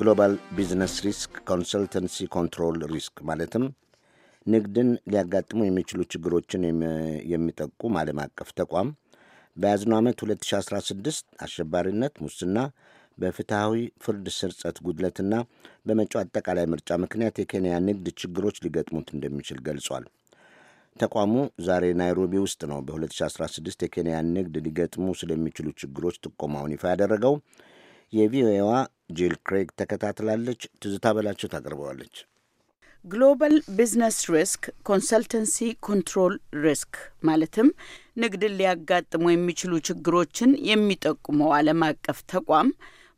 ግሎባል ቢዝነስ ሪስክ ኮንሰልተንሲ ኮንትሮል ሪስክ ማለትም ንግድን ሊያጋጥሙ የሚችሉ ችግሮችን የሚጠቁም ዓለም አቀፍ ተቋም በያዝነው ዓመት 2016 አሸባሪነት፣ ሙስና፣ በፍትሐዊ ፍርድ ስርጸት ጉድለትና በመጪው አጠቃላይ ምርጫ ምክንያት የኬንያ ንግድ ችግሮች ሊገጥሙት እንደሚችል ገልጿል። ተቋሙ ዛሬ ናይሮቢ ውስጥ ነው በ2016 የኬንያ ንግድ ሊገጥሙ ስለሚችሉ ችግሮች ጥቆማውን ይፋ ያደረገው። የቪኦኤዋ ጂል ክሬግ ተከታትላለች። ትዝታ በላቸው ታቀርበዋለች። ግሎባል ቢዝነስ ሪስክ ኮንሰልተንሲ ኮንትሮል ሪስክ ማለትም ንግድን ሊያጋጥሙ የሚችሉ ችግሮችን የሚጠቁመው ዓለም አቀፍ ተቋም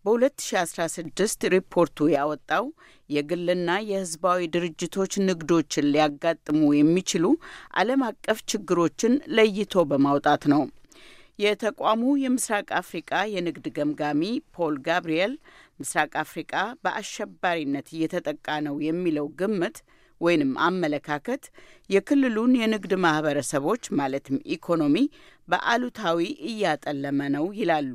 በ2016 ሪፖርቱ ያወጣው የግልና የሕዝባዊ ድርጅቶች ንግዶችን ሊያጋጥሙ የሚችሉ ዓለም አቀፍ ችግሮችን ለይቶ በማውጣት ነው። የተቋሙ የምስራቅ አፍሪቃ የንግድ ገምጋሚ ፖል ጋብርኤል ምስራቅ አፍሪቃ በአሸባሪነት እየተጠቃ ነው የሚለው ግምት ወይንም አመለካከት የክልሉን የንግድ ማህበረሰቦች ማለትም ኢኮኖሚ በአሉታዊ እያጠለመ ነው ይላሉ።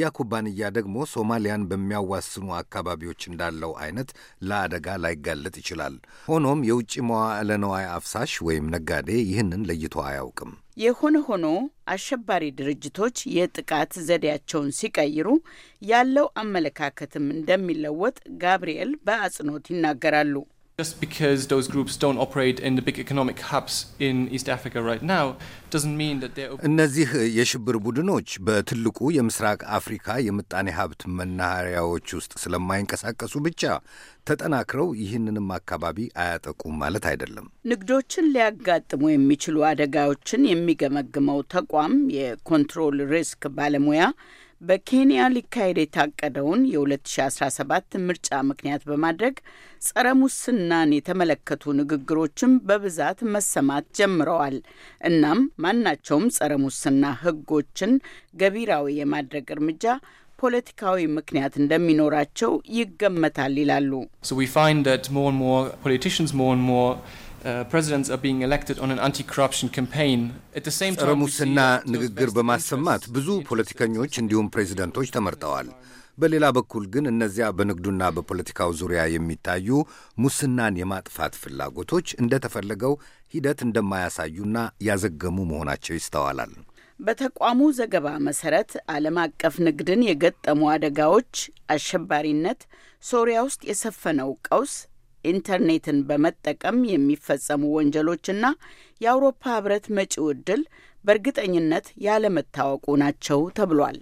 ያ ኩባንያ ደግሞ ሶማሊያን በሚያዋስኑ አካባቢዎች እንዳለው አይነት ለአደጋ ላይጋለጥ ይችላል። ሆኖም የውጭ መዋዕለ ነዋይ አፍሳሽ ወይም ነጋዴ ይህንን ለይቶ አያውቅም። የሆነ ሆኖ አሸባሪ ድርጅቶች የጥቃት ዘዴያቸውን ሲቀይሩ ያለው አመለካከትም እንደሚለወጥ ጋብርኤል በአጽንኦት ይናገራሉ። just because those groups don't operate in the big economic hubs in East Africa right now doesn't mean that they're እነዚህ የሽብር ቡድኖች በትልቁ የምስራቅ አፍሪካ የምጣኔ ሀብት መናኸሪያዎች ውስጥ ስለማይንቀሳቀሱ ብቻ ተጠናክረው ይህንንም አካባቢ አያጠቁም ማለት አይደለም። ንግዶችን ሊያጋጥሙ የሚችሉ አደጋዎችን የሚገመግመው ተቋም የኮንትሮል ሪስክ ባለሙያ በኬንያ ሊካሄድ የታቀደውን የ2017 ምርጫ ምክንያት በማድረግ ጸረ ሙስናን የተመለከቱ ንግግሮችም በብዛት መሰማት ጀምረዋል። እናም ማናቸውም ጸረ ሙስና ሕጎችን ገቢራዊ የማድረግ እርምጃ ፖለቲካዊ ምክንያት እንደሚኖራቸው ይገመታል ይላሉ። ጸረ uh, ሙስና ንግግር በማሰማት ብዙ ፖለቲከኞች እንዲሁም ፕሬዚደንቶች ተመርጠዋል። በሌላ በኩል ግን እነዚያ በንግዱና በፖለቲካው ዙሪያ የሚታዩ ሙስናን የማጥፋት ፍላጎቶች እንደተፈለገው ሂደት እንደማያሳዩና ያዘገሙ መሆናቸው ይስተዋላል። በተቋሙ ዘገባ መሰረት ዓለም አቀፍ ንግድን የገጠሙ አደጋዎች፣ አሸባሪነት፣ ሶሪያ ውስጥ የሰፈነው ቀውስ ኢንተርኔትን በመጠቀም የሚፈጸሙ ወንጀሎችና የአውሮፓ ህብረት መጪው ዕድል በእርግጠኝነት ያለመታወቁ ናቸው ተብሏል።